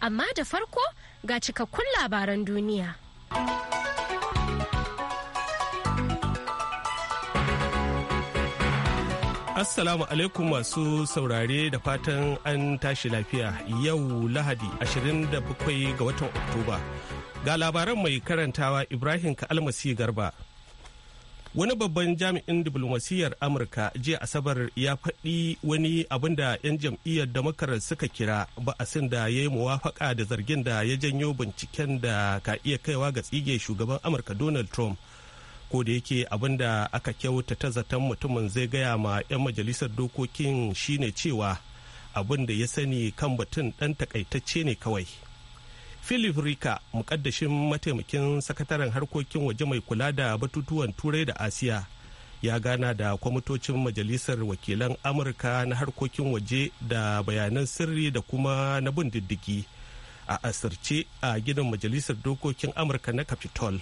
amma da farko ga cikakkun labaran duniya. Assalamu alaikum masu saurare da fatan an tashi lafiya yau Lahadi 27 ga watan Oktoba. Ga labaran mai karantawa Ibrahim Ka'almasi Garba. wani babban jami'in diplomasiyyar amurka jiya asabar ya faɗi wani abin da 'yan jam'iyyar damakar suka kira ba'asin da ya yi muwafaka da zargin da ya janyo binciken da ka iya kaiwa ga tsige shugaban amurka donald trump ko da yake abin da aka kyauta ta zaton mutumin zai gaya ma 'yan majalisar dokokin shine cewa abin da ya sani kan batun ɗan takaitacce ne kawai philip rika mukaddashin mataimakin sakataren harkokin waje mai kula da batutuwan turai da asiya ya gana da kwamitocin majalisar wakilan amurka na harkokin waje da bayanan sirri da kuma na bin diddigi a asirce a gidan majalisar dokokin amurka na capitol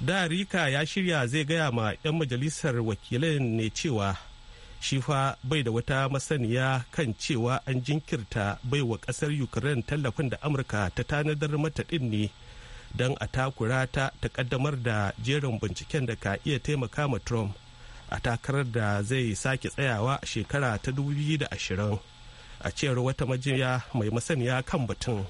da rika ya shirya zai gaya ma 'yan majalisar wakilan ne cewa shi fa bai da wata masaniya kan cewa an jinkirta bai wa kasar ukraine tallafin da amurka ta tanadar mata din ne don a takura ta ta kaddamar da jerin binciken da ka iya taimaka ma trump a takarar da zai sake tsayawa a shekara ta 2020 a cewar wata majiya mai masaniya kan batun.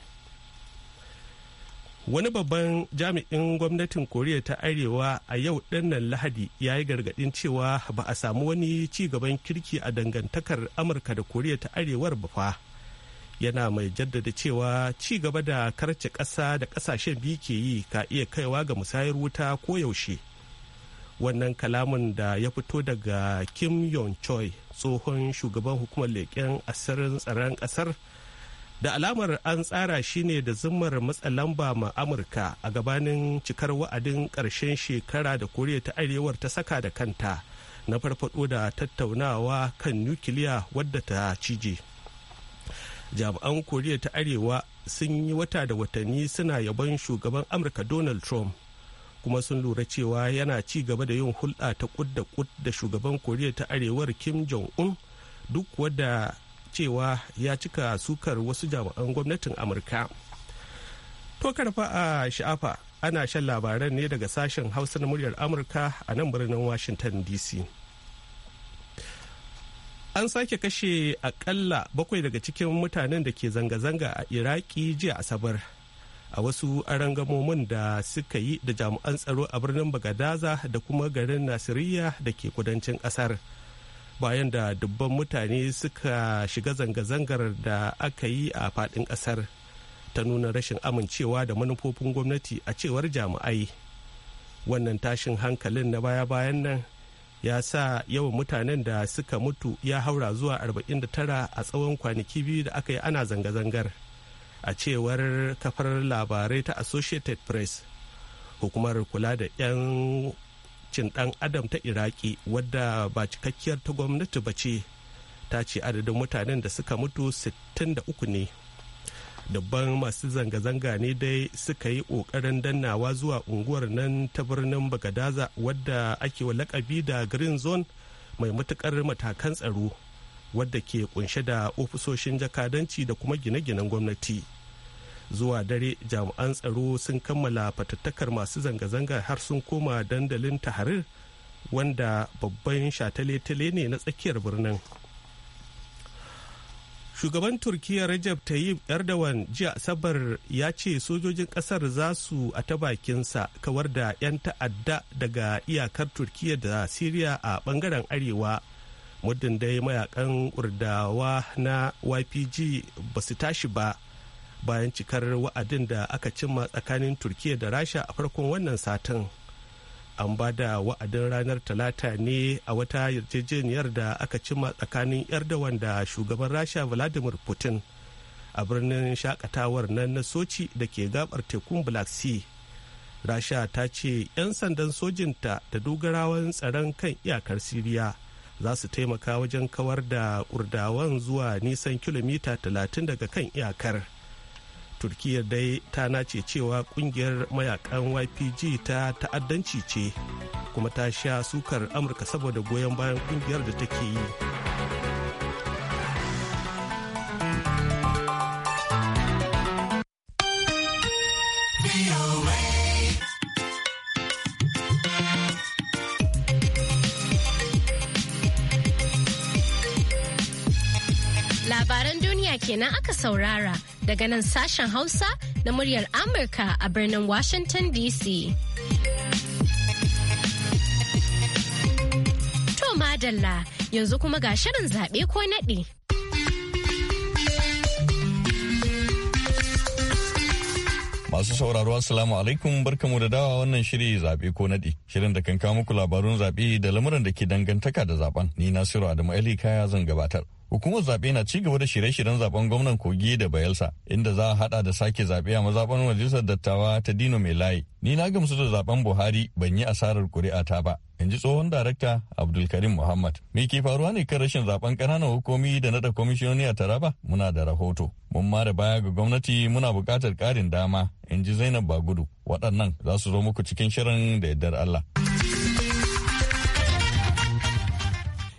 wani babban jami'in gwamnatin koriya ta arewa a yau ɗannan lahadi ya yi gargadin cewa ba a samu wani ci gaban kirki a dangantakar amurka da koriya ta arewar ba fa yana mai jaddada cewa ci gaba da karce ƙasa da ƙasashen biyu ke yi ka iya kaiwa ga musayar wuta ko yaushe wannan kalamin da ya fito daga kim Yong choi tsohon shugaban hukumar leƙen asirin tsaron ƙasar da alamar an tsara shi ne da zimmar matsa lamba ma amurka a gabanin cikar wa'adin ƙarshen shekara da koriya ta arewar ta saka da kanta na farfado da tattaunawa kan nukiliya wadda ta cije jami'an koriya ta arewa sun yi wata da watanni suna yabon shugaban amurka donald trump kuma sun lura cewa yana ci gaba da yin hulɗa ta kudda da shugaban koriya ta arewar kim jong-un duk wadda cewa ya cika sukar wasu jami'an gwamnatin amurka to karfa a sha'afa ana shan labaran ne daga sashen hausa na muryar amurka a nan birnin washington dc an sake kashe akalla bakwai daga cikin mutanen da ke zanga-zanga a iraki jiya asabar a wasu arangamomin da suka yi da jami'an tsaro a birnin bagadaza da kuma garin nasiriya da ke kudancin kasar. bayan da dubban mutane suka shiga zanga-zangar da aka yi a faɗin ƙasar ta nuna rashin amincewa da manufofin gwamnati a cewar jami'ai wannan tashin hankalin na baya-bayan nan ya sa yawan mutanen da suka mutu ya haura zuwa 49 a tsawon kwanaki biyu da aka yi ana zanga-zangar a cewar kafar labarai ta associated press hukumar kula da 'yan 'yancin ɗan adam ta iraki wadda ba cikakkiyar ta gwamnati ba ce ta ce adadin mutanen da suka mutu 63 ne dabban masu zanga-zanga ne dai suka yi ƙoƙarin dannawa zuwa unguwar nan ta birnin bagadaza wadda ake wa lakabi da green zone mai matuƙar matakan tsaro wadda ke kunshe da ofisoshin jakadanci da kuma gine-ginen gwamnati. zuwa dare jami'an tsaro sun kammala fatattakar masu zanga-zanga har sun koma dandalin taharir wanda babban shatale-tale ne na tsakiyar birnin shugaban turkiya rajab tayyip erdogan jiya asabar ya ce sojojin kasar za su a ta bakinsa kawar da 'yan ta'adda daga iyakar turkiyya da syria a bangaren arewa muddin dai mayakan urdawa na ypg ba su tashi ba bayan cikar wa'adin da aka cimma tsakanin turkiya da rasha a farkon wannan satin an ba da wa'adin ranar talata ne a wata yarjejeniyar da aka cimma tsakanin erdogan da shugaban rasha vladimir putin a birnin shakatawar nan na soci da ke gabar tekun black sea rasha ta ce 'yan sandan sojinta da dogarawan tsaron kan iyakar siriya za su taimaka wajen kawar da kurdawan zuwa nisan kilomita 30 daga kan iyakar turkiyya dai ta nace cewa kungiyar mayakan ypg ta ta'addanci ce kuma ta sha sukar amurka saboda goyon bayan kungiyar da take yi labaran duniya kenan aka saurara daga nan sashen Hausa na muryar Amurka a birnin Washington DC. To madalla yanzu kuma ga shirin zaɓe ko naɗi. Masu sauraro Assalamu alaikum barkamu da dawa wannan shiri zaɓe ko naɗi. Shirin da kan kawo muku labarun zaɓe da lamuran da ke dangantaka da zaben. Ni Nasiru Adamu Ali Kaya zan gabatar. Hukumar zaɓe na ci gaba da shirye-shiryen zaɓen gwamnan Kogi da Bayelsa, inda za a haɗa da sake zaɓe a mazaɓar majalisar dattawa ta Dino Mai Layi. Ni na gamsu da zaɓen Buhari ban yi asarar ta ba, in ji tsohon darakta Abdulkarim Muhammad. Me ke faruwa ne kan rashin zaɓen ƙananan hukumi da naɗa kwamishinoni a Taraba? Muna da rahoto. Mun ma da baya ga gwamnati muna buƙatar ƙarin dama, in ji Zainab Bagudu. Waɗannan za su zo muku cikin shirin da yardar Allah.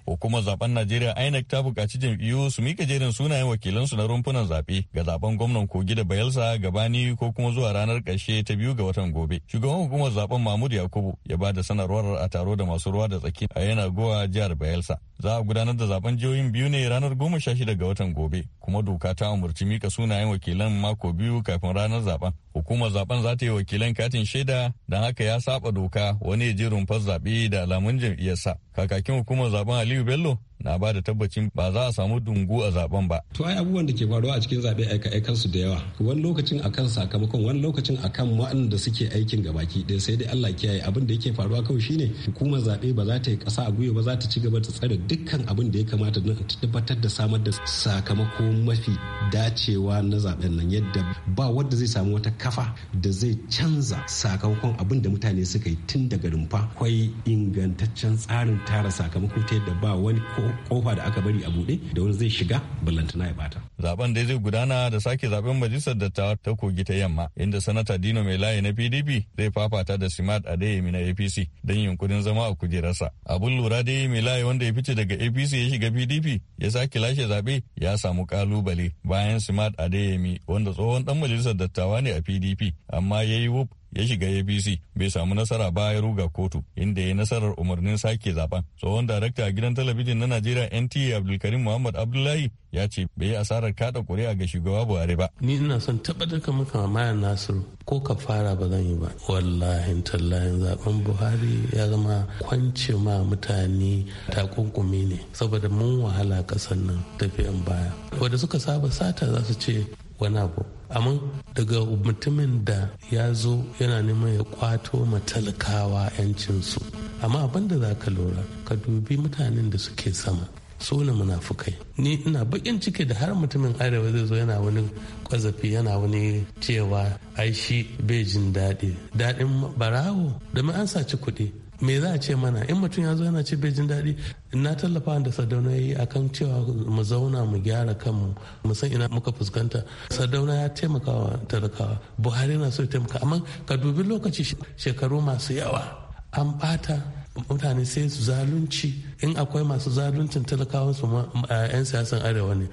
Hukumar zaben Najeriya INEC ta buƙaci jam'iyyu su mika jerin sunayen wakilansu na rumfunan zaɓe ga zaben gwamnan Kogi da Bayelsa gabani ko kuma zuwa ranar ƙarshe ta biyu ga watan gobe. Shugaban hukumar zaben Mahmud Yakubu ya ba da sanarwar a taro da masu ruwa da tsaki a yana gowa jihar Bayelsa. Za a gudanar da zaben jihohin biyu ne ranar goma sha shida ga watan gobe kuma doka ta umurci mika sunayen wakilan mako biyu kafin ranar zaben. Hukumar zaben za ta yi wakilan katin shaida don haka ya saba doka wani ya je rumfar zaɓe da alamun jam'iyyarsa. Kakakin hukumar zaben Aliyu Aliyu Bello na ba da tabbacin ba za a samu dungu a zaben ba. To ai abubuwan da ke faruwa a cikin zaɓe aika su da yawa. Wani lokacin a kan sakamakon wani lokacin a akan waɗanda suke aikin gabaki ɗaya sai dai Allah kiyaye abin da yake faruwa kawai shine hukumar zaɓe ba za ta yi ƙasa a gwiwa ba za ta ci gaba da tsare dukkan abin da ya kamata don ta tabbatar da samar da sakamako mafi dacewa na zaɓen nan yadda ba wanda zai samu wata kafa da zai canza sakamakon abin da mutane suka yi tun daga rumfa. Akwai ingantaccen tsarin tara sakamako ta yadda ba wani ko kofa da aka bari a bude da wani zai shiga ballantana ya bata. Zaben dai zai gudana da sake zaben majalisar dattawa ta kogi ta yamma inda sanata Dino mai layi na PDP zai fafata da Simat Adeyemi na APC don yunkurin zama a kujerarsa. Abun lura dai mai layi wanda ya fice daga APC ya shiga PDP ya sake lashe zaɓe ya samu kalubale bayan Simat Adeyemi wanda tsohon dan majalisar dattawa ne a PDP amma ya yi wuf ya shiga abc bai samu nasara ba ya ruga kotu inda ya nasarar umarnin sake zaben tsohon darakta a gidan talabijin na najeriya nta abdulkarim muhammad abdullahi ya ce bai yi asarar kada kuri'a ga shugaba buhari ba ni ina son tabbatar ka maka mamaya nasiru ko ka fara ba zan yi ba wallahi tallahi zaben buhari ya zama kwance ma mutane takunkumi ne saboda mun wahala kasan nan tafiyan baya wanda suka saba sata za su ce wani abu amma daga mutumin da ya zo yana neman ya kwato ma talakawa 'yancinsu amma abin da za ka lura ka dubi mutanen da suke sama so na munafukai ni ina bakin ciki da har mutumin arewa zai zo yana wani kwazafi yana wani cewa aishi bejin bai jin daɗi daɗin barawo domin an saci kuɗi me za a ce mana in mutum ya zo yana ce bai jin daɗi na tallafa da sadauna ya yi a kan cewa mu zauna mu gyara kanmu mu san ina muka fuskanta sadauna ya taimaka wa talakawa buhari na so ya taimaka amma ka dubi lokaci shekaru masu yawa an ɓata mutane sai su zalunci in akwai masu zaluncin talakawa su yan siyasan arewa ne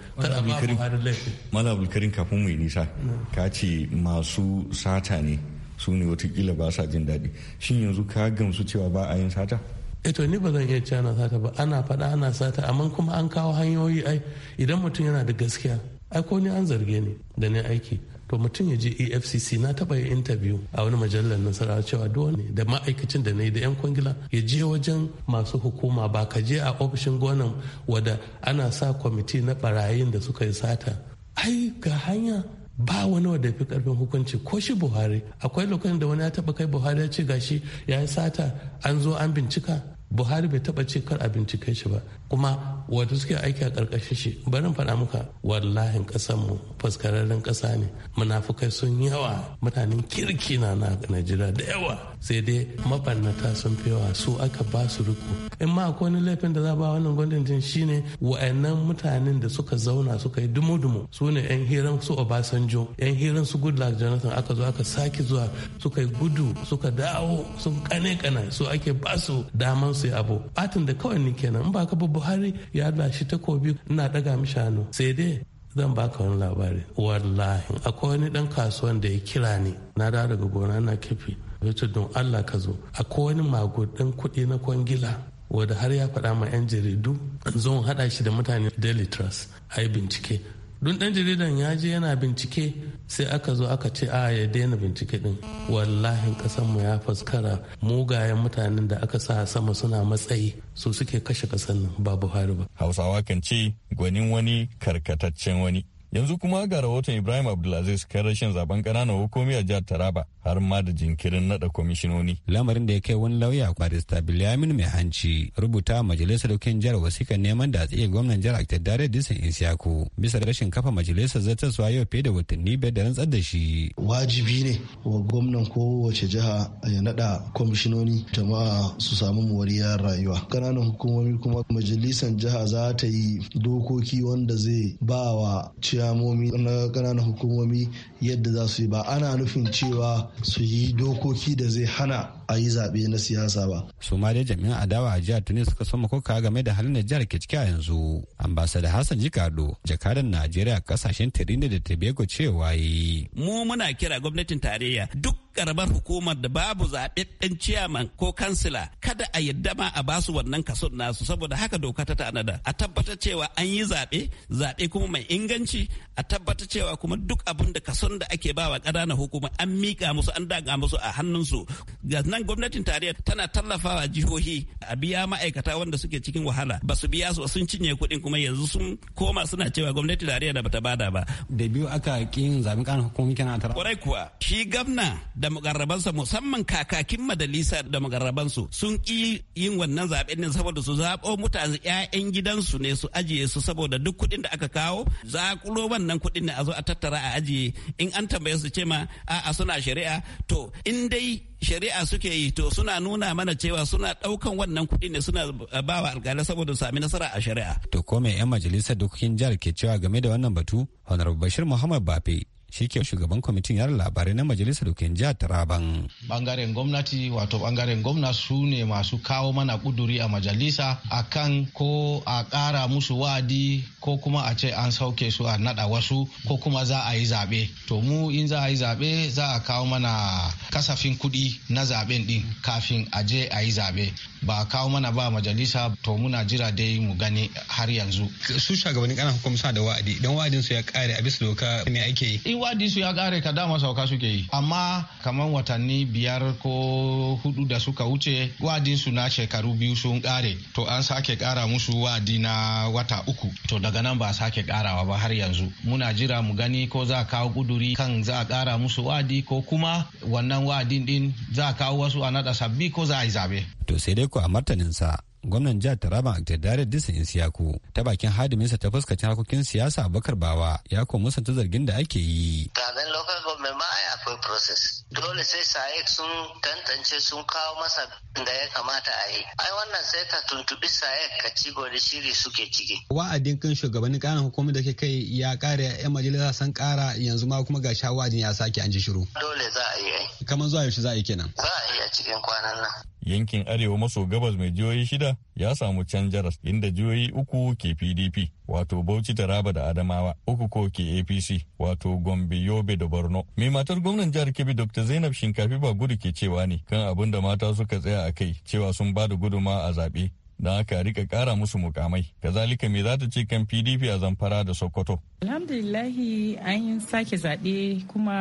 malam abulkarin kafin yi nisa ka ce masu sata ne su ne watakila ba sa jin daɗi shin yanzu ka gamsu cewa ba a yin sata eto eh ni ba zan iya cewa ana sata ba ana faɗa ana sata amma kuma an kawo hanyoyi ai idan mutum yana da gaskiya ai ko ni an zarge ni da ni aiki to mutum ya je efcc na taɓa yin interview a wani majalar nasara cewa dole da ma'aikacin da na yi da 'yan kwangila ya je wajen masu hukuma ba ka je a ofishin gonan wada ana sa kwamiti na barayin da suka yi sata ai ga hanya ba wani wanda fi karfin hukunci ko shi buhari akwai lokacin da wani ya taba kai buhari ya ce gashi ya yi sata an zo an bincika buhari bai taba ce kar a bincike shi ba kuma wata suke aiki a karkashin shi barin faɗa muka wallahin ƙasar mu faskararren ƙasa ne munafukai sun yawa mutanen kirki na na najeriya da yawa sai dai mabannata sun fi yawa su aka ba su riko in ma akwai wani laifin da za ba wannan gwamnatin shine wa'annan mutanen da suka zauna suka yi dumo-dumo su ne yan hiran su obasanjo yan hiran su goodluck jonathan aka zo aka sake zuwa suka yi gudu suka dawo sun kane kana su ake ba su daman su sai abu atin da kawai ni kenan in baka buhari ya shi takobi ina daga mishi hannu sai dai zan baka wani labari wallahi akwai wani dan kasuwan da ya kira ni na da daga gona na kifi yace don Allah ka zo akwai wani magudin kuɗi na kwangila wanda har ya faɗa ma 'yan jaridu zan haɗa shi da mutane daily trust ai bincike don dan jaridan ya je yana bincike sai aka zo aka ce a ya daina bincike din wallahin mu ya faskara mugayen mutanen da aka sa sama suna matsayi su suke kashe kasan nan ba buhari ba hausawa kan ce gwanin wani karkataccen wani yanzu kuma ga rahoton ibrahim abdulaziz kan rashin zaben ƙananan hukumi a jihar taraba har ma da jinkirin nada kwamishinoni lamarin da ya kai wani lauya kwarista biliyamin mai hanci rubuta majalisar dokin jihar wasikan neman da tsaye gwamnan jihar aktadare disan isiyaku bisa rashin kafa majalisar zartaswa yau fiye da watanni bai da rantsar da shi wajibi ne wa gwamnan kowace jiha ya nada kwamishinoni jama'a su samu moriyar rayuwa kananan hukumomi kuma majalisar jiha za ta yi dokoki wanda zai ba wa ciyamomi na ƙananan hukumomi yadda za su yi ba ana nufin cewa su yi dokoki da zai hana a yi zaɓe na siyasa ba. su ma dai jami'an adawa a jihar tunis suka soma koka game da halin da jihar ke ciki a yanzu ambasada hassan jikado jakadan najeriya kasashen tirinda da tobago cewa yi. mu muna kira gwamnatin tarayya duk karamar hukumar da babu zaɓaɓɓen ciyaman ko kansila kada a yadda ma a basu wannan kaso nasu saboda haka doka ta tanada a tabbatar cewa an yi zaɓe zaɓe kuma mai inganci a tabbatar cewa kuma duk abin da kaso da ake wa ƙananan hukuma an miƙa musu an daga musu a hannunsu ga nan gwamnatin tarayya tana tallafawa jihohi a biya ma'aikata wanda suke cikin wahala ba su biya su sun cinye kuɗin kuma yanzu sun koma suna cewa gwamnatin tarayya da bata bada ba da biyu aka ƙin zaɓen ƙananan hukumomi kana tara kwarai kuwa shi gwamna da mugarrabansa musamman kakakin majalisa da mugarrabansu sun ƙi yin wannan zaben ne saboda su zaɓo mutane 'ya'yan gidansu ne su ajiye su saboda duk kuɗin da aka kawo zaƙulo wannan kuɗin ne a zo a tattara a ajiye in an tambaye su ce ma a'a suna shari'a to in dai shari'a suke yi to suna nuna mana cewa suna ɗaukan wannan kuɗi ne suna ba wa alƙalai saboda sami nasara a shari'a. To ko me 'yan majalisar dokokin jihar ke cewa game da wannan batu? Honorable Bashir Muhammad Bafe shi ke shugaban kwamitin yara labarai na majalisar dokin jihar taraban bangaren gwamnati wato bangaren gwamna su ne masu kawo mana kuduri a majalisa a kan ko a kara musu wa'adi ko kuma a ce an sauke su a nada wasu ko kuma za a yi zaɓe to mu in za a yi zaɓe za a kawo mana kasafin kuɗi na zaɓen ɗin kafin a je a yi zaɓe ba kawo mana ba majalisa to muna jira dai mu gani har yanzu su shugabannin ƙananan hukumsa da wa'adi don wa'adin su ya kare a bisa doka ne ake yi wadi su ya kare ka dama sauka suke yi amma kamar watanni biyar ko hudu da suka wuce wadin su na shekaru biyu sun kare to an sake kara musu wadi na wata uku to daga nan ba sake karawa ba har yanzu muna jira mu gani ko za a kawo kuduri kan za a kara musu wadi ko kuma wannan wadin din za a kawo wasu a nada sabbi ko za a yi zabe to sai dai ko a martaninsa gwamnan jihar taraba aktadare disan isiyaku ta bakin hadiminsa ta fuskacin harkokin siyasa bakar bawa ya ko musanta zargin da ake yi kazan local government ma ya akwai process dole sai saec sun tantance sun kawo masa da ya kamata a yi ai wannan sai ka tuntubi saec ka ci da shiri suke ciki wa'adin kan shugabannin kanan hukumar da ke kai ya kare yan majalisa sun kara yanzu ma kuma ga shawadin ya sake an ji shiru dole za a yi kamar zuwa yaushe za a yi kenan za a yi a cikin kwanan nan yankin arewa maso gabas mai jihohi shida ya samu can inda jihohi uku ke pdp wato bauchi taraba da adamawa uku ko ke apc wato gombe yobe da borno mai matar gwamnan jihar kebbi dr zainab shinkafi ba gudu ke cewa ne kan abin da mata suka tsaya a kai cewa sun ba da guduma a zaɓe da aka rika kara musu mukamai kazalika me za ta ce kan pdp a zamfara da sokoto alhamdulillahi an yi sake zaɓe kuma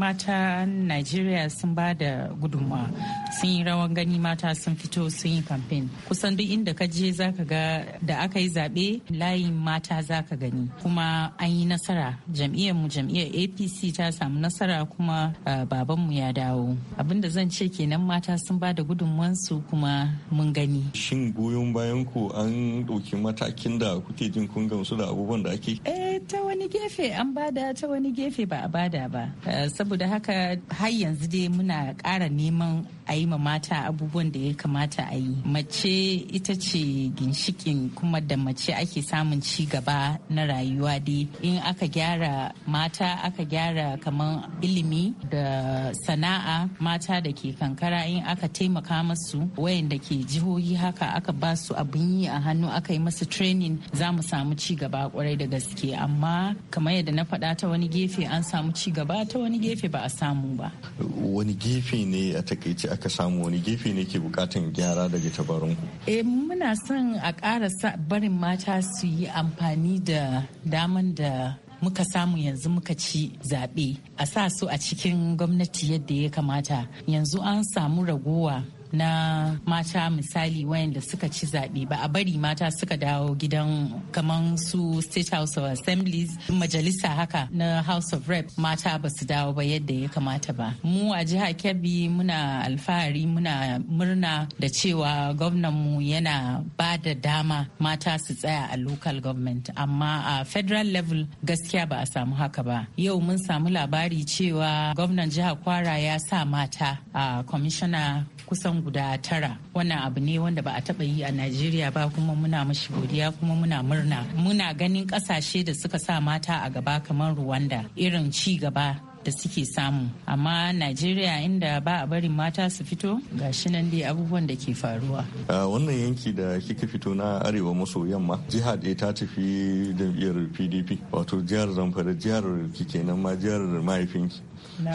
mata nigeria sun ba da gudunmawa sun yi rawan gani mata sun fito sun yi kamfen kusan duk inda ka je zaka ga da aka yi zaɓe layin mata zaka gani kuma an yi nasara jam'iyyar mu jam'iyyar apc ta samu nasara kuma babanmu ya dawo abinda zan ce kenan mata sun ba da gudunmawansu kuma mun gani goyon bayan ku an ɗauki matakin da kuke jin kun gamsu da abubuwan da ake? Eh ta wani gefe an bada ta wani gefe ba a bada ba. Eh, saboda haka har yanzu dai muna ƙara neman a yi ma mata abubuwan da ya kamata a yi mace ita ce ginshikin kuma da mace ake samun ci gaba na rayuwa dai in aka gyara mata aka gyara kamar ilimi da sana'a mata da ke kankara in aka taimaka masu wayanda ke jihohi haka aka ba su abin yi a hannu aka yi masu training za mu samu ci gaba kwarai da gaske amma kamar yadda na faɗa ta wani gefe an samu ci gaba ta wani gefe ba a samu ba wani gefe ne a takaice aka samu wani gefe ne ke bukatan gyara daga tabarun ku eh muna son a ƙara barin mata su yi amfani da daman da muka samu yanzu muka ci zaɓe a sa su a cikin gwamnati yadda ya kamata yanzu an samu ragowa na mata misali wayanda suka ci zaɓe ba a bari mata suka dawo gidan kamar su state house of assemblies majalisa haka na house of rep mata ba su dawo ba yadda ya kamata ba mu a jiha kebbi muna alfahari muna murna da cewa mu yana ba da dama mata su tsaya a local government amma a federal level gaskiya ba a samu haka ba yau mun samu labari cewa gwamnan jihar kwara ya sa mata a commissioner kusan guda tara wannan abu ne wanda ba a taba yi a najeriya ba kuma muna mashi godiya kuma muna murna muna ganin kasashe da suka sa mata a gaba kamar rwanda irin ci gaba da suke samu amma najeriya inda ba a barin mata su fito ga shi nan dai abubuwan da ke faruwa a wannan yanki da kika fito na arewa maso yamma jiha ɗaya ta tafi jam'iyyar pdp wato jihar zamfara jihar kikenan kenan ma jihar mahaifinki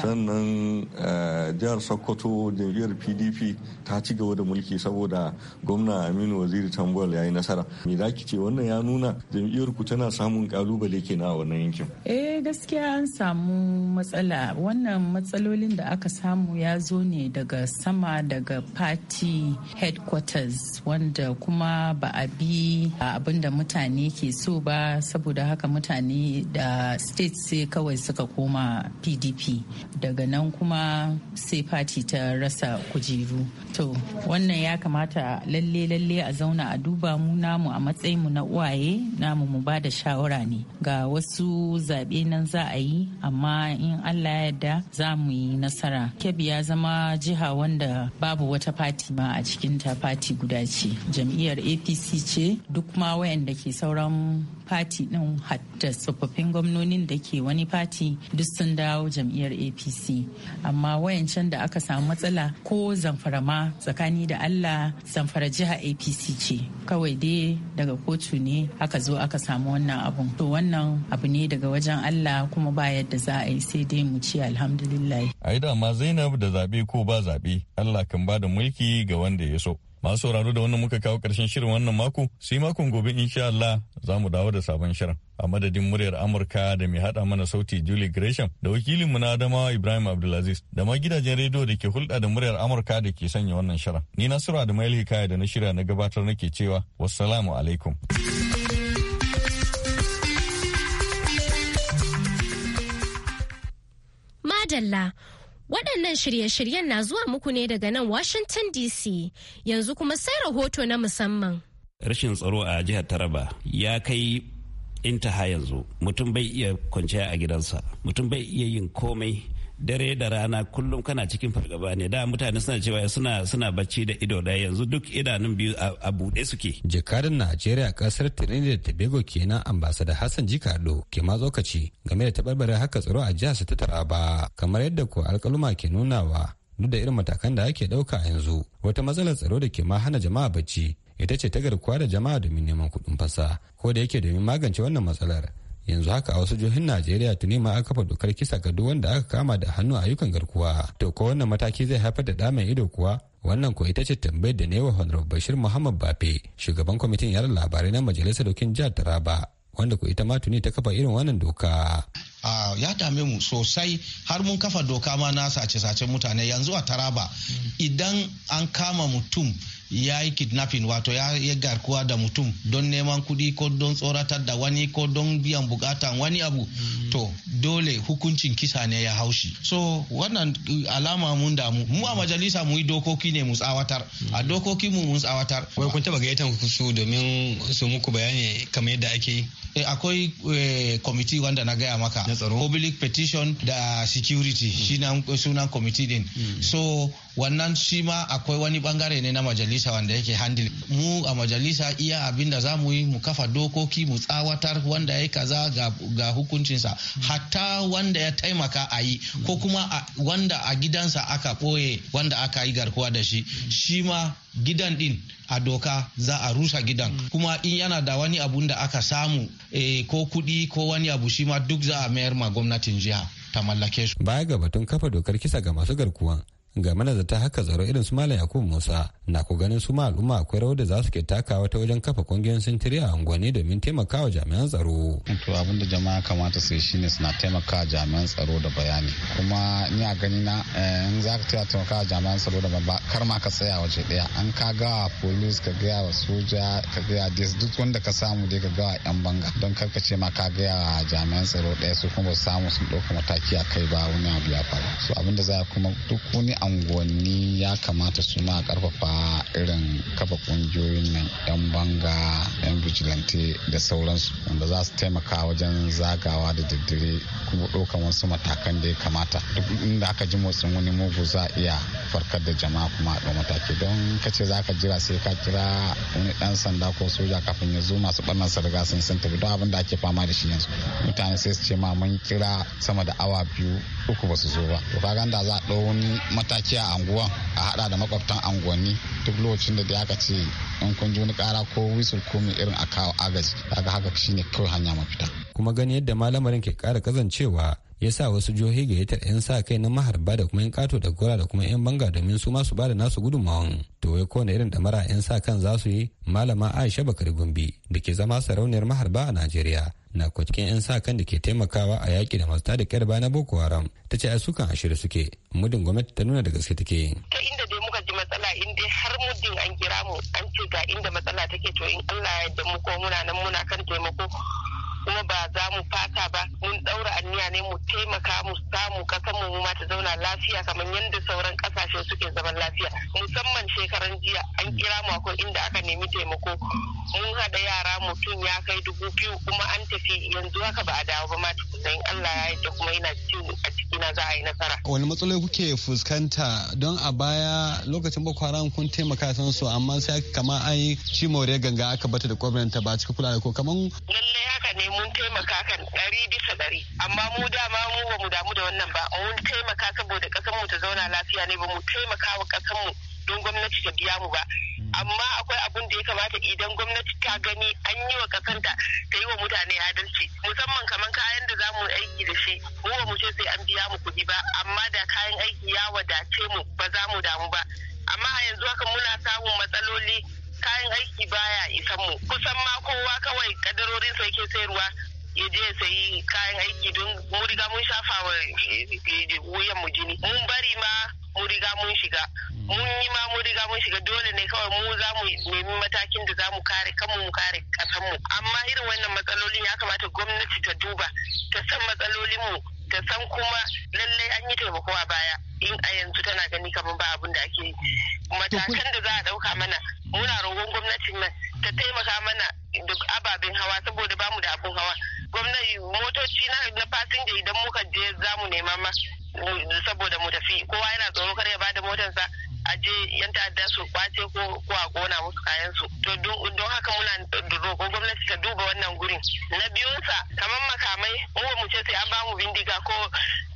sannan eh, jihar sokoto jam'iyyar pdp ta ci gaba da mulki saboda gwamna aminu waziri tambol ya yi nasara me za ki ce wannan ya nuna jam'iyyar ku tana samun kalubale kenan a wannan yankin eh gaskiya an samu matsala wannan matsalolin da aka samu ya zo ne daga sama daga party headquarters wanda kuma ba a bi ah, abin da mutane ke so ba saboda haka mutane da state sai kawai suka koma pdp daga nan kuma sai fati ta rasa kujeru to wannan ya kamata lalle lalle a zauna a duba mu namu a matsayin mu na uwaye namu mu da shawara ne ga wasu zaɓe nan za a yi amma in allah yarda za mu yi nasara kebbi ya zama jiha wanda babu wata fati ma a cikin ta fati guda ce jam'iyyar apc ce duk ma wayanda ke sauran fati din hatta tsofaffin gwamnonin da ke wani fati duk sun dawo jam'iyyar apc amma wayancan da aka samu matsala ko zamfara ma tsakani da allah zamfara jiha apc ce kawai dai daga kotu ne aka zo aka samu wannan abun to wannan abu ne daga wajen allah kuma ba yadda za a yi sai dai mu ci alhamdulillah ai da ma zainab da zaɓe ko ba zaɓe? allah kan ba da mulki ga wanda ya so Masu sauraro da wannan muka kawo ƙarshen shirin wannan mako, sai makon gobe insha Allah za mu dawo da sabon shirin. A madadin muryar Amurka da mai hada mana sauti Julie Gresham da wakilin mu na Adamawa Ibrahim Abdulaziz da ma gidajen rediyo da ke hulɗa da muryar Amurka da ke sanya wannan shirin. Ni da Adamu Hikaya da na shirya na gabatar nake cewa wassalamu alaikum. Madalla Waɗannan shirye-shiryen na zuwa muku ne daga nan Washington DC yanzu kuma sai rahoto na musamman. Rashin tsaro a jihar Taraba ya kai intaha yanzu mutum bai iya kwanciya a gidansa mutum bai iya yin komai dare da rana kullum kana cikin fargaba ne da mutane suna cewa suna suna bacci da ido da yanzu duk idanun biyu a buɗe suke jikarin najeriya kasar trinidad da tobago kenan ambasada hassan jikado ke ma tsokaci game da tabarbare haka tsaro a jihar ta taraba kamar yadda ko alkaluma ke nunawa duk da irin matakan da ake ɗauka yanzu wata matsalar tsaro da ke ma hana jama'a bacci ita ce ta garkuwa da jama'a domin neman kuɗin fasa ko da yake domin magance wannan matsalar yanzu haka a wasu jihohin najeriya tuni ma aka kafa dokar kisa ga duk wanda aka kama da hannu ayyukan garkuwa to ko wannan mataki zai haifar da da ido kuwa wannan ko ita ce tambayar da newa honorable bashir muhammad bafe shugaban kwamitin yara labarai na majalisar dokin jihar taraba wanda ko ita ma tuni ta kafa irin wannan doka ya dame mu sosai har mun kafa doka ma na sace-sacen mutane yanzu a taraba idan an kama mutum ya yi kidnapping wato ya garkuwa da mutum don neman kuɗi ko don tsoratar da wani ko don biyan bukatan wani abu mm. to dole hukuncin kisa ne ya haushi so wannan alama mun damu mu a majalisa mu yi dokoki ne mu tsawatar a dokoki mu mun tsawatar wai kun taba gayyatan su domin su muku bayani kamar yadda ake eh, akwai eh, kwamiti wanda na gaya maka tsaro public petition da security hmm. shi na sunan committee din hmm. so wannan shi ma akwai wani bangare ne na majalisa wanda yake handle mu a majalisa iya abin da za mu yi mu kafa dokoki mu tsawatar wanda ya kaza ga, hukuncinsa hatta wanda ya taimaka a yi ko kuma wanda a gidansa aka ɓoye wanda aka yi garkuwa da shi shi ma gidan din a doka za a rusa gidan kuma in yana da wani abun da aka samu eh, ko kudi ko wani abu shi ma duk za a mayar ma gwamnatin jiha ta mallake su. Baya ga batun kafa dokar kisa ga masu garkuwa ga ta haka tsaro irin su malam yakub musa na ku ganin su al'umma akwai rawar da za su ke takawa ta wajen kafa kungiyoyin sintiri a unguwanni domin taimakawa jami'an tsaro. to abin da jama'a kamata su yi shine suna taimakawa jami'an tsaro da bayani kuma ni a gani na eh, in za ka taimakawa jami'an tsaro da ba kar ma ka tsaya waje daya an ka gawa police ka gaya wa soja ka gaya dis duk wanda ka samu dai ka gawa yan banga don kar ka ce ma ka gaya wa jami'an tsaro daya su kuma samu sun ɗauka mataki a kai ba wani abu ya faru so abin da za kuma duk wani unguwanni ya kamata su ma karfafa irin kafa kungiyoyin nan yan banga vigilante da sauransu wanda za su taimaka wajen zagawa da daddare kuma ɗaukan wasu matakan da ya kamata duk inda aka ji motsin wani mugu za a iya farkar da jama'a kuma a mataki don kace za ka jira sai ka kira wani ɗan sanda ko soja kafin ya zo masu ɓarnar sarga sun sun tafi don abin da ake fama da shi yanzu mutane sai su ce ma mun kira sama da awa biyu uku ba su zo ba to kaga da za a ɗau wani mataki a anguwan a haɗa da makwabtan anguwanni duk lokacin da ya ka ce in kun ji wani ƙara ko wisul ko mai irin kawo agaji daga haka shine kawai hanya mafita kuma gani yadda malamarin ke kara kazancewa ya sa wasu jihohi gayyatar 'yan sa kai na maharba da kuma 'yan kato da gora da kuma 'yan banga domin su masu bada nasu gudunmawan to wai kowane irin mara 'yan sa kan za su yi malama aisha bakar gumbi da ke zama sarauniyar maharba a najeriya na kwacikin 'yan sa kan da ke taimakawa a yaƙi da masu tada kyarba na boko haram ta ce a sukan ashirin suke mudun gwamnati ta nuna da gaske take. ta inda matsala in dai har muddin an kira mu an ce ga inda matsala take to in Allah ya yarda mu ko muna nan muna kan taimako kuma ba za mu fata ba mun daura anniya ne mu taimaka mu samu kasan mu ma ta zauna lafiya kamar yadda sauran kasashe suke zaman lafiya musamman shekaran jiya an kira mu akwai inda aka nemi taimako mun haɗa yara mutum ya kai dubu biyu kuma an tafi yanzu haka ba a dawo ba ma tukunan Allah ya yi kuma yana ci a ciki na za a yi nasara. Wani matsaloli kuke fuskanta don a baya lokacin Boko Haram kun taimaka san su amma sai kama an yi shi ganga aka bata da gwamnati ba cikin kula da ko kaman. Lallai haka ne mun taimaka kan ɗari bisa ɗari amma mu dama mu ba mu damu da wannan ba mun taimaka saboda ƙasar mu ta zauna lafiya ne ba mu taimaka wa ƙasar mu don gwamnati ta biya mu ba amma akwai abun da ya kamata idan gwamnati ta gani an yi wa ƙasar ta yi wa mutane adalci musamman kamar kayan da za mu aiki da shi mu ba mu ce sai an biya mu kuɗi ba amma da kayan aiki ya wadace mu ba za mu damu ba amma a yanzu haka muna samun matsaloli kayan aiki baya isan mu kusan ma kowa kawai kadarorin sa yake sayarwa ya je sayi kayan aiki don mu riga mun shafa wa eh, wuyan mu jini mun bari ma mu riga mun shiga mun yi ma muriga mun shiga dole ne kawai mu za mu nemi matakin da za mu kare kanmu mu kare kasan mu amma irin wannan matsalolin ya kamata gwamnati ta duba ta san matsalolin mu ta san kuma lallai an yi taimako a baya in a yanzu tana gani kamar ba abin da ake yi matakan da za a ɗauka mana muna rogon gwamnati nan ta taimaka mana da ababen hawa saboda bamu da abin hawa gwamnati motoci na fasinja idan muka je zamu mu nema ma saboda mu tafi kowa yana tsoro kar ya bada motarsa a je yan ta'adda su kwace ko a kona musu kayan su to don haka muna roƙon gwamnati ta duba wannan gurin na biyunsa kamar makamai mu mu ce sai an bamu bindiga ko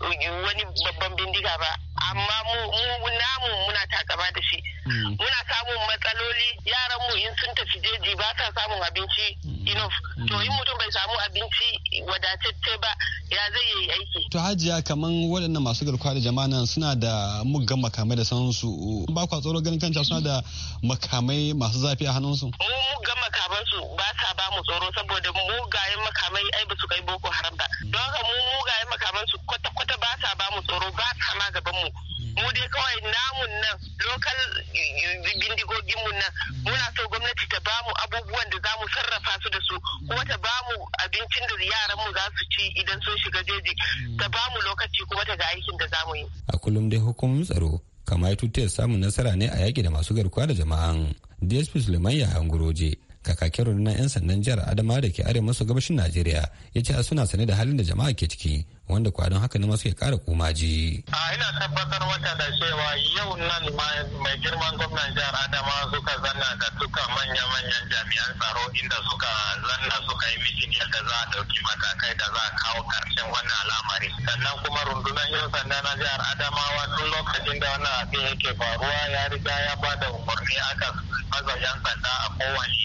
wani babban bindiga ba amma mu namu muna takaba da shi mm. muna samun matsaloli yaran mu in sun tafi jeji ba sa samun abinci mm. enough mm. to in mutum bai samu abinci wadatacce ba ya zai yi aiki to hajiya kaman waɗannan masu garkuwa da jama'a nan suna da muggan makamai da sansu ba kwa tsoro ganin kanta suna da makamai masu zafi a hannunsu mu muggan makaman su ba sa ba mu tsoro saboda mugayen makamai ai ba su kai boko haram ba don haka mu mugayen makaman su kwata kwata kwata ba ta ba mu tsoro ba ta ma gaban mu mu dai kawai namun nan lokal eh, bindigogin mu nan muna so gwamnati ta ba mu abubuwan da za mu sarrafa su da su kuma ta ba mu abincin da yaran mu za su ci idan sun shiga jeji ta ba mu lokaci kuma ta ga aikin da za mu yi a kullum dai hukumomin tsaro kamar tutiyar samun nasara ne a yaki da masu garkuwa da jama'an dsp suleiman ya hanguroje kakakin rundunar 'yan sandan jihar adama da ke arewa maso gabashin najeriya ya ce suna sane da halin da jama'a ke ciki wanda kwadon haka ne masu ya kara kumaji. a ina tabbatar wata da cewa yau nan mai girman gwamnan jihar adama suka zanna da duka manya-manyan jami'an tsaro inda suka zanna suka yi mitin yadda za a dauki matakai da za a kawo karshen wannan al'amari sannan kuma rundunar 'yan sanda na jihar adamawa tun lokacin da wannan abin yake faruwa ya riga ya ba da umarni aka maza 'yan a kowane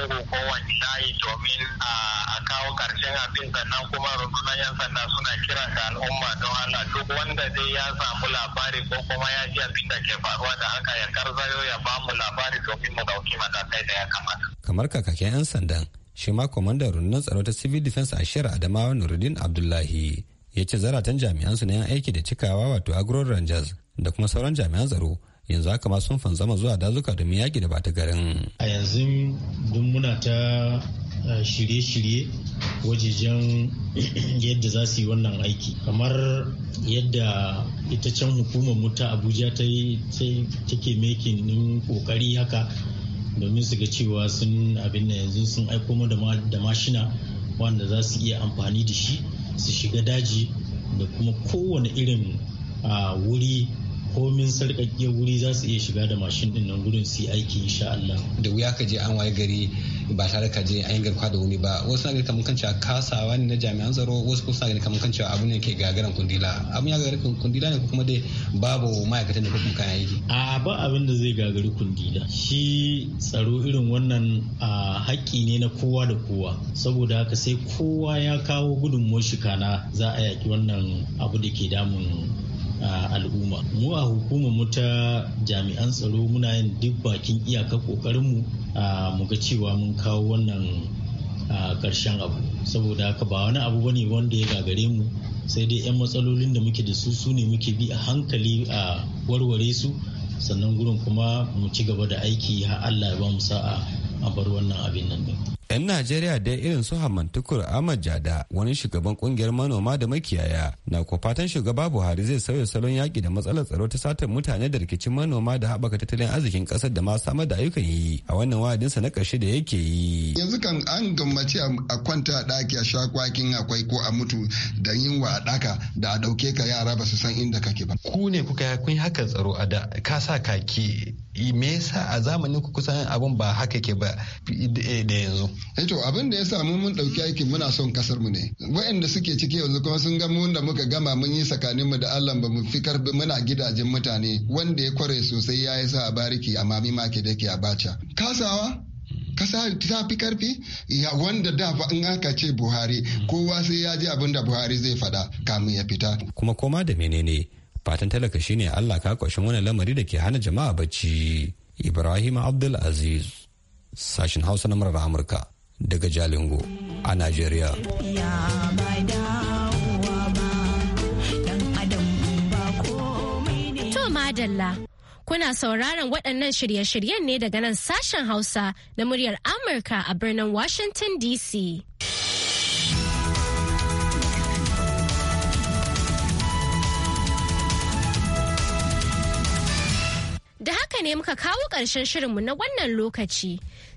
lungu kowane layi domin a kawo karshen abin sannan kuma rundunar 'yan sanda suna kira ga al'umma don Allah duk wanda dai ya samu labari ko kuma ya ji abin da ke faruwa da haka ya karzayo ya ba mu labari domin mu dauki matakai da ya kamata. Kamar kakakin 'yan sandan shi ma kwamandan rundunar tsaro ta civil defense a shirin adamawa nuruddin abdullahi ya ce zaratan jami'an su na yan aiki da cikawa wato agro rangers da kuma sauran jami'an tsaro yanzu haka ma sun fanzama zuwa dazuka domin yaki da bata garin. A yanzu duk muna ta eh, shirye-shirye wajejen yadda za su yi wannan aiki kamar yadda ita can hukumar mu ta abuja ta take mekin ɗin kokari haka domin su ga cewa sun abin da yanzu sun aiko mu da mashina wanda za su iya amfani da shi su shiga daji da kuma kowane irin ah, wuri komin sarƙaƙƙiyar wuri za su iya shiga da mashin din nan gurin su yi aiki insha Allah. Da wuya ka je an waye gari ba tare ka je an yi garkwa da wuni ba wasu na gani kamar kan cewa kasawa ne na jami'an tsaro wasu kuma suna gani kamar kan cewa abu ne ke gagaran kundila abun ya gagari kundila ne ko kuma dai babu ma'aikatan da ko kuma kayan aiki. A ba abin da zai gagari kundila shi tsaro irin wannan a haƙƙi ne na kowa da kowa saboda haka sai kowa ya kawo gudunmuwar shi kana za a yaƙi wannan abu da ke damun al'umma mu a hukumar mu ta jami'an tsaro muna yin duk bakin iyaka kokarin mu mu ga cewa mun kawo wannan karshen abu saboda haka ba wani abu bane wanda ya gagare mu sai dai 'yan matsalolin da muke da su su ne muke bi a hankali a warware su sannan gurin kuma mu ci gaba da aiki har Allah ya ba mu sa'a a bar wannan abin nan din 'yan najeriya dai irin su hamantukur ahmad jada wani shugaban kungiyar manoma da makiyaya na ko fatan shugaba buhari zai sauya salon yaki da matsalar tsaro ta satar mutane da rikicin manoma da haɓaka tattalin arzikin ƙasar da ma samar da ayyukan yi a wannan wa'adinsa na karshe da yake yi yanzu kan an gammace a kwanta a ɗaki a shakwakin akwai ko a mutu da yin wa a ɗaka da a ɗauke ka yara ba su san inda kake ba ku ne kuka kun haka tsaro a da ka sa kaki me yasa a zamanin ku kusan abun ba haka ke ba eh, da yanzu Eh to abin da ya samu mun ɗauki aikin muna son kasar mu ne. Waɗanda suke ciki yanzu kuma sun ga mun da muka gama mun yi tsakanin mu da Allah ba mu fi karbi muna gidajen mutane wanda ya kware sosai ya yi sa a bariki a mami ma ke da ke a bacha. Kasawa kasa ta fi karfi wanda da in aka ce buhari kowa sai ya ji abin da buhari zai faɗa kamin ya fita kuma koma da menene fatan talaka shine allah ka kwashin wani lamari da ke hana jama'a bacci ibrahim abdul aziz sashin hausa na murar amurka daga Jalingo a Najeriya. To madalla. Kuna sauraron waɗannan shirye-shiryen ne daga nan sashen Hausa na muryar Amurka a birnin Washington DC. Da haka ne muka kawo ƙarshen shirinmu na wannan lokaci.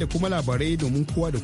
da kuma labarai domin kowa da